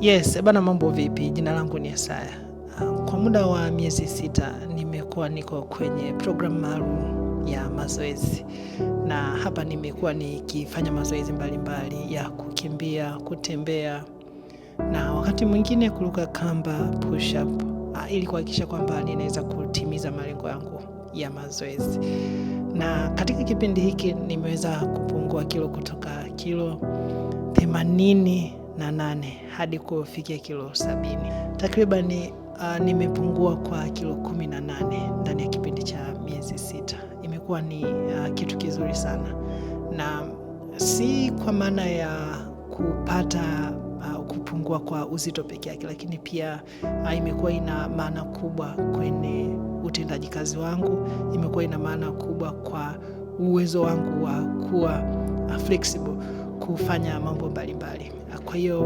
Yes, bana, mambo vipi? Jina langu ni Yesaya. Ah, kwa muda wa miezi sita nimekuwa niko kwenye programu maalum ya mazoezi, na hapa nimekuwa nikifanya mazoezi mbalimbali ya kukimbia, kutembea na wakati mwingine kuruka kamba, push up, ah, ili kuhakikisha kwamba ninaweza kutimiza malengo yangu ya mazoezi. Na katika kipindi hiki nimeweza kupungua kilo kutoka kilo themanini na nane hadi kufikia kilo sabini takriban. Uh, ah, nimepungua kwa kilo kumi na nane ndani ya kipindi cha miezi sita. Imekuwa ni uh, kitu kizuri sana, na si kwa maana ya kupata uh, kupungua kwa uzito peke yake, lakini pia uh, imekuwa ina maana kubwa kwenye utendaji kazi wangu, imekuwa ina maana kubwa kwa uwezo wangu wa kuwa uh, flexible kufanya mambo mbalimbali. Kwa hiyo